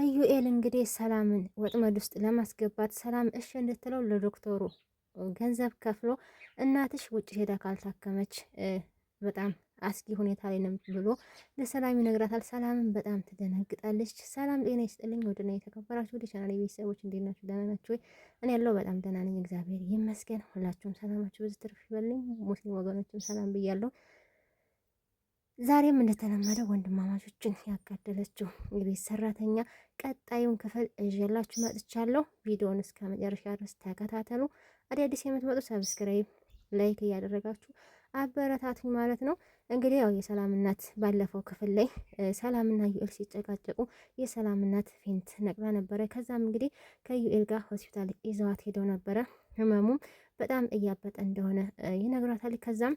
ኢዩኤል እንግዲህ ሰላምን ወጥመድ ውስጥ ለማስገባት ሰላም እሺ እንድትለው ለዶክተሩ ገንዘብ ከፍሎ እናትሽ ውጭ ሄዳ ካልታከመች በጣም አስጊ ሁኔታ ላይ ነው ብሎ ለሰላም ይነግራታል። ሰላምን በጣም ትደነግጣለች። ሰላም ጤና ይስጥልኝ ውድና የተከበራችሁ ወደ ቻናሌ ቤተሰቦች እንዴት ናችሁ? ደህና ናችሁ ወይ? እኔ ያለው በጣም ደህና ነኝ፣ እግዚአብሔር ይመስገን። ሁላችሁም ሰላማችሁ ብዙ ትርፍ ይበልኝ። ሙስሊም ወገኖችም ሰላም ብያለሁ። ዛሬም እንደተለመደው ወንድማማቾችን ያጋደለችው የቤት ሰራተኛ ቀጣዩን ክፍል እዤላችሁ መጥቻለሁ። ቪዲዮውን እስከ መጨረሻ ድረስ ተከታተሉ። አዳዲስ የምትመጡ ሰብስክራይብ፣ ላይክ እያደረጋችሁ አበረታቱኝ ማለት ነው። እንግዲህ ያው የሰላም ባለፈው ክፍል ላይ ሰላምና ዩኤል ሲጨቃጨቁ የሰላም ፊንት ፌንት ነቅላ ነበረ። ከዛም እንግዲህ ከዩኤል ጋር ሆስፒታል ይዘዋት ሄደው ነበረ። ህመሙም በጣም እያበጠ እንደሆነ ይነግራታል። ከዛም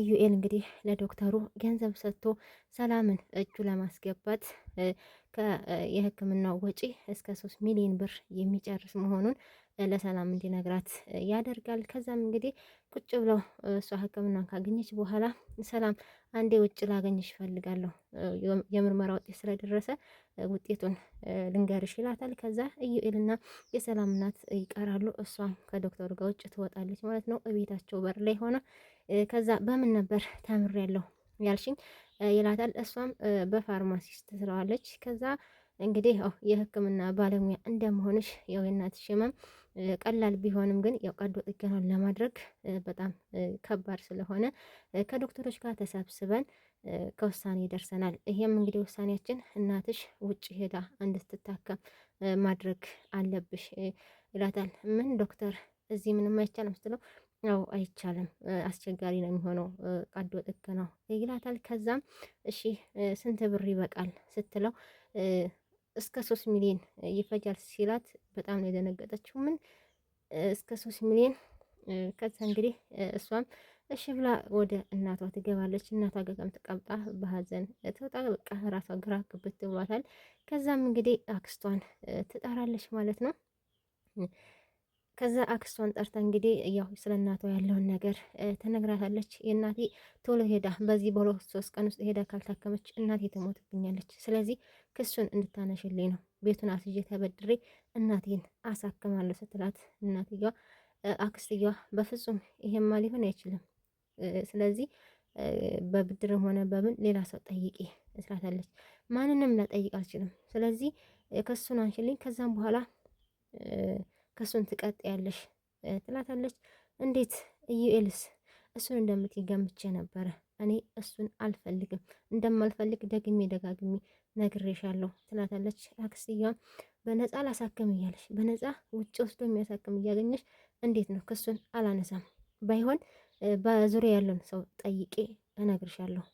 ኢዩኤል እንግዲህ ለዶክተሩ ገንዘብ ሰጥቶ ሰላምን እጁ ለማስገባት የሕክምናው ወጪ እስከ ሶስት ሚሊዮን ብር የሚጨርስ መሆኑን ለሰላም እንዲነግራት ያደርጋል። ከዛም እንግዲህ ቁጭ ብለው እሷ ሕክምናን ካገኘች በኋላ ሰላም አንዴ ውጭ ላገኝሽ እፈልጋለሁ፣ የምርመራ ውጤት ስለደረሰ ውጤቱን ልንገርሽ ይላታል። ከዛ ኢዩኤልና የሰላም እናት ይቀራሉ። እሷም ከዶክተሩ ጋር ውጭ ትወጣለች ማለት ነው። እቤታቸው በር ላይ ሆነ ከዛ በምን ነበር ተምር ያለው ያልሽኝ ይላታል። እሷም በፋርማሲስት ትለዋለች። ከዛ እንግዲህ ያው የሕክምና ባለሙያ እንደመሆንሽ ያው የእናትሽ ህመም ቀላል ቢሆንም ግን ያው ቀዶ ጥገናን ለማድረግ በጣም ከባድ ስለሆነ ከዶክተሮች ጋር ተሰብስበን ከውሳኔ ደርሰናል። ይህም እንግዲህ ውሳኔያችን እናትሽ ውጭ ሄዳ እንድትታከም ማድረግ አለብሽ ይላታል። ምን ዶክተር እዚህ ምንም አይቻልም ስትለው አው አይቻልም፣ አስቸጋሪ ነው የሚሆነው ቀዶ ነው ይላታል። ከዛም እሺ ስንት ብር ይበቃል ስትለው እስከ ሶስት ሚሊዮን ይፈጃል ሲላት በጣም ነው የደነገጠችው። ምን እስከ ሶስት ሚሊዮን? ከዛ እንግዲህ እሷም እሺ ብላ ወደ እናቷ ትገባለች። እናቷ ገገም ተቀምጣ በሀዘን ትወጣ። በቃ ራሷ ግራ ግብት ከዛም እንግዲህ አክስቷን ትጠራለች ማለት ነው ከዛ አክስቷን ጠርታ እንግዲህ ያው ስለ እናቷ ያለውን ነገር ትነግራታለች። የእናቴ ቶሎ ሄዳ በዚህ በሁለት ሶስት ቀን ውስጥ ሄዳ ካልታከመች እናቴ ትሞትብኛለች። ስለዚህ ክሱን እንድታነሽልኝ ነው ቤቱን አስዤ ተበድሬ እናቴን አሳክማለሁ ስትላት እናትየዋ አክስትየዋ በፍጹም ይሄማ ሊሆን አይችልም። ስለዚህ በብድርም ሆነ በምን ሌላ ሰው ጠይቂ ትላታለች። ማንንም ላጠይቅ አልችልም። ስለዚህ ክሱን አንሽልኝ ከዛም በኋላ ከሱን ትቀጥ ያለሽ ትላታለች። እንዴት እዩኤልስ እሱን እንደምትይ ገምቼ ነበረ። እኔ እሱን አልፈልግም፣ እንደማልፈልግ ደግሜ ደጋግሜ ነግሬሻለሁ ትላታለች። አክስያም በነፃ ላሳክም እያለሽ በነፃ ውጭ ወስዶ የሚያሳክም እያገኘሽ እንዴት ነው ክሱን አላነሳም? ባይሆን በዙሪያ ያለውን ሰው ጠይቄ እነግርሻለሁ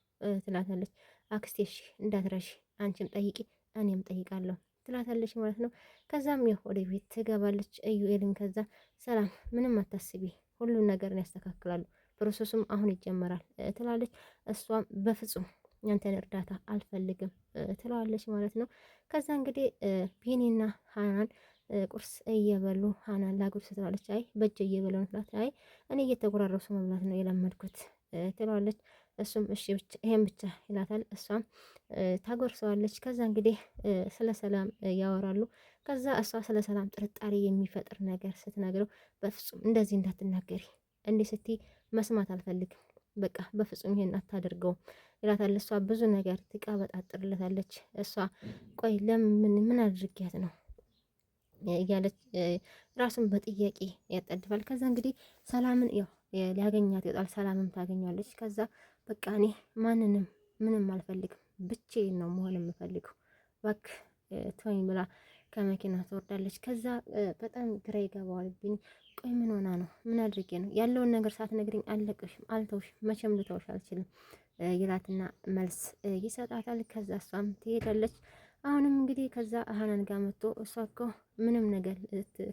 ትላታለች። አክስቴሽ እንዳትረሽ አንቺም ጠይቂ እኔም ጠይቃለሁ ትላታለች ማለት ነው። ከዛም ይህ ወደ ቤት ትገባለች ኢዩኤልን። ከዛ ሰላም ምንም አታስቢ፣ ሁሉን ነገርን ያስተካክላሉ፣ ፕሮሰሱም አሁን ይጀመራል ትላለች። እሷም በፍጹም ያንተን እርዳታ አልፈልግም ትለዋለች ማለት ነው። ከዛ እንግዲህ ቢኒና ሀናን ቁርስ እየበሉ ሀናን ላጉርስ ትለዋለች። አይ በእጅ እየበሉ ነው ትላት። አይ እኔ እየተጎራረሱ መብላት ነው የለመድኩት ትለዋለች። እሱም እሺ ይሄን ብቻ ይላታል። እሷም ታጎርሰዋለች። ከዛ እንግዲህ ስለ ሰላም ያወራሉ። ከዛ እሷ ስለ ሰላም ጥርጣሬ የሚፈጥር ነገር ስትነግረው በፍጹም እንደዚህ እንዳትናገሪ፣ እንዲህ ስትይ መስማት አልፈልግም፣ በቃ በፍጹም ይሄን አታደርገውም ይላታል። እሷ ብዙ ነገር ትቃበጣጥርለታለች። እሷ ቆይ ለምን ምን አድርጊያት ነው እያለች ራሱን በጥያቄ ያጠድፋል። ከዛ እንግዲህ ሰላምን ያው ሊያገኛት ይወጣል። ሰላምም ታገኛለች ከዛ በቃ እኔ ማንንም ምንም አልፈልግም፣ ብቻዬን ነው መሆን የምፈልገው ባክ ተወኝ ብላ ከመኪና ትወርዳለች። ከዛ በጣም ግራ ይገባዋልብኝ። ቆይ ምን ሆና ነው? ምን አድርጌ ነው? ያለውን ነገር ሳትነግሪኝ አልለቅሽም፣ አልተውሽም፣ መቼም ልተውሽ አልችልም ይላትና መልስ ይሰጣታል። ከዛ እሷም ትሄዳለች። አሁንም እንግዲህ ከዛ አሃናን ጋር መጥቶ እሷ እኮ ምንም ነገር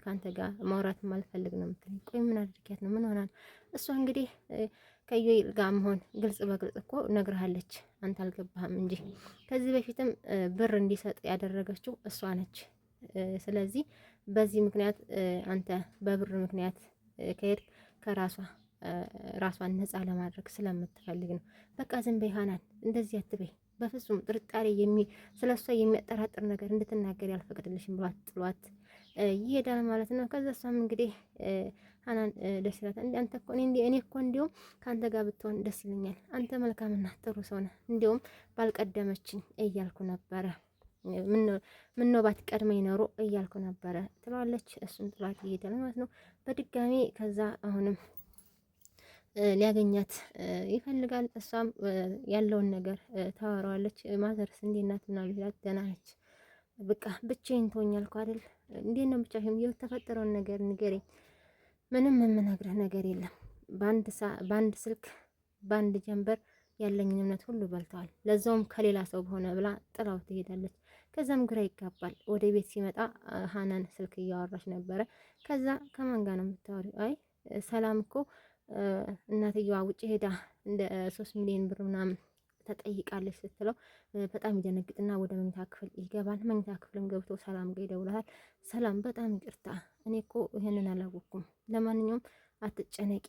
ከአንተ ጋር ማውራት ማልፈልግ ነው የምትለኝ። ቆይ ምን አድርጊያት ነው? ምን ሆና ነው? እሷ እንግዲህ ከዩ ጋር መሆን ግልጽ በግልጽ እኮ ነግርሃለች፣ አንተ አልገባህም እንጂ ከዚህ በፊትም ብር እንዲሰጥ ያደረገችው እሷ ነች። ስለዚህ በዚህ ምክንያት አንተ በብር ምክንያት ከሄድ ከራሷ ራሷን ነፃ ለማድረግ ስለምትፈልግ ነው። በቃ ዝም በይ ሀናን፣ እንደዚህ አትበይ በፍጹም ጥርጣሬ ስለ እሷ የሚያጠራጥር ነገር እንድትናገር ያልፈቅድልሽም ብሏት ጥሏት ይሄዳል ማለት ነው። ከዛ እሷም እንግዲህ ደስ ይላታል። አንተ እኮ እኔ እኮ እንዲሁም ከአንተ ጋር ብትሆን ደስ ይለኛል። አንተ መልካምና ጥሩ ሰው ነህ። እንዲሁም ባልቀደመችኝ እያልኩ ነበረ። ምነው ባትቀድመኝ ይኖሩ እያልኩ ነበረ ትለዋለች። እሱም ጥሏት ይሄዳል ማለት ነው በድጋሚ ከዛ አሁንም ሊያገኛት ይፈልጋል። እሷም ያለውን ነገር ታወራዋለች። ማዘርስ እንዴት ናት ምናምን ይላል። ደህና ነች። በቃ ብቻዬን ትሆኛል እኮ አይደል? እንዴት ነው ብቻሽን? የተፈጠረውን ነገር ንገረኝ ምንም የምነግርህ ነገር የለም። በአንድ ስልክ በአንድ ጀንበር ያለኝን እምነት ሁሉ በልተዋል፣ ለዛውም ከሌላ ሰው በሆነ ብላ ጥላው ትሄዳለች። ከዛም ግራ ይጋባል። ወደ ቤት ሲመጣ ሀናን ስልክ እያወራች ነበረ። ከዛ ከማን ጋር ነው የምታወሪው? አይ ሰላም እኮ እናትየዋ ውጭ ሄዳ እንደ ሶስት ሚሊዮን ብር ምናምን ተጠይቃለች ስትለው በጣም ይደነግጥና ወደ መኝታ ክፍል ይገባል። መኝታ ክፍልም ገብቶ ሰላም ጋር ይደውላል። ሰላም በጣም ይቅርታ፣ እኔ እኮ ይህንን አላወቅኩም፣ ለማንኛውም አትጨነቂ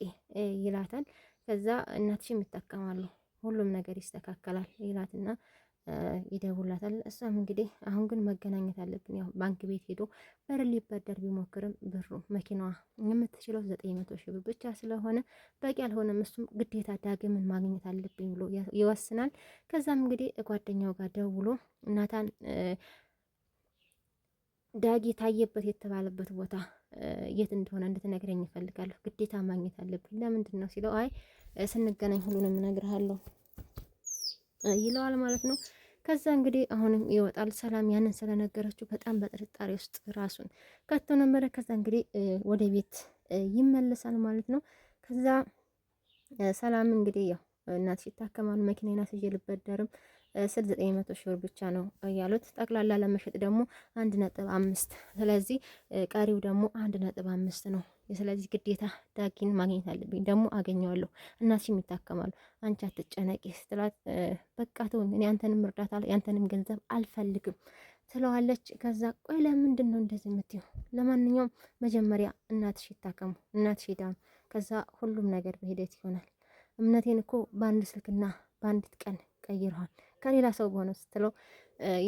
ይላታል። ከዛ እናትሽ ይታከማሉ፣ ሁሉም ነገር ይስተካከላል ይላትና ይደውላታል። እሷም እንግዲህ አሁን ግን መገናኘት አለብን፣ ያው ባንክ ቤት ሄዶ በር ሊበደር ቢሞክርም ብሩ መኪናዋ የምትችለው ዘጠኝ መቶ ሺህ ብር ብቻ ስለሆነ በቂ አልሆነም። እሱም ግዴታ ዳግምን ማግኘት አለብኝ ብሎ ይወስናል። ከዛም እንግዲህ ጓደኛው ጋር ደውሎ እናታን ዳጊ ታየበት የተባለበት ቦታ የት እንደሆነ እንድትነግረኝ ይፈልጋለሁ ግዴታ ማግኘት አለብኝ። ለምንድን ነው ሲለው አይ ስንገናኝ ሁሉንም እነግርሃለሁ ይለዋል ማለት ነው። ከዛ እንግዲህ አሁንም ይወጣል። ሰላም ያንን ስለነገረችው በጣም በጥርጣሬ ውስጥ ራሱን ከቶ ነበረ። ከዛ እንግዲህ ወደ ቤት ይመለሳል ማለት ነው። ከዛ ሰላም እንግዲህ ያው እናትሽ ይታከማል መኪና ይናስ እየልበደርም ስል 900 ሺህ ብር ብቻ ነው ያሉት። ጠቅላላ ለመሸጥ ደግሞ 1.5 ስለዚህ ቀሪው ደግሞ 1.5 ነው። ስለዚህ ግዴታ ዳጊን ማግኘት አለብኝ፣ ደግሞ አገኘዋለሁ። እናትሽም ይታከማሉ፣ አንቺ አትጨነቂ ስትላት በቃ ተወኝ፣ እኔ አንተንም እርዳታ ያንተንም ገንዘብ አልፈልግም ትለዋለች። ከዛ ቆይ ለምንድን ነው እንደዚህ የምትይው? ለማንኛውም መጀመሪያ እናትሽ ይታከሙ፣ እናትሽ ዳኑ፣ ከዛ ሁሉም ነገር በሂደት ይሆናል። እምነቴን እኮ በአንድ ስልክና በአንዲት ቀን ቀይረዋል። ከሌላ ሰው በሆነ ስትለው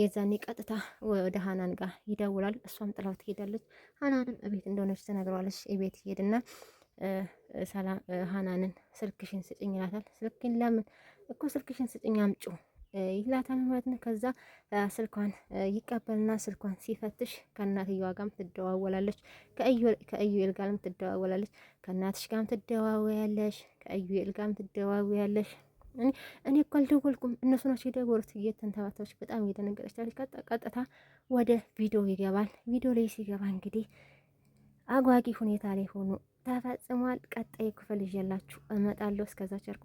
የዛኔ ቀጥታ ወደ ሀናን ጋር ይደውላል። እሷም ጥላው ትሄዳለች። ሀናንም እቤት እንደሆነች ትነግረዋለች። እቤት ይሄድና ሀናንን ስልክሽን ስጭኝ ይላታል። ስልክን ለምን እኮ ስልክሽን ስጭኝ አምጩ ይላታል ማለት ነው። ከዛ ስልኳን ይቀበልና ስልኳን ሲፈትሽ ከእናትየዋ ጋርም ትደዋወላለች፣ ከእዩኤል ጋርም ትደዋወላለች፣ ከእናትሽ ጋርም ትደዋወያለሽ፣ ከእዩኤል ጋርም ትደዋወያለሽ እኔ እኮ አልደወልኩም እነሱ ናቸው የደወሉት እየተንተባተበች በጣም እየደነገጠች ታለች። ቀጥታ ወደ ቪዲዮ ይገባል። ቪዲዮ ላይ ሲገባ እንግዲህ አጓጊ ሁኔታ ላይ ሆኖ ተፈጽሟል። ቀጣይ ክፍል ይዤላችሁ እመጣለሁ። እስከዛ ቸርኩ።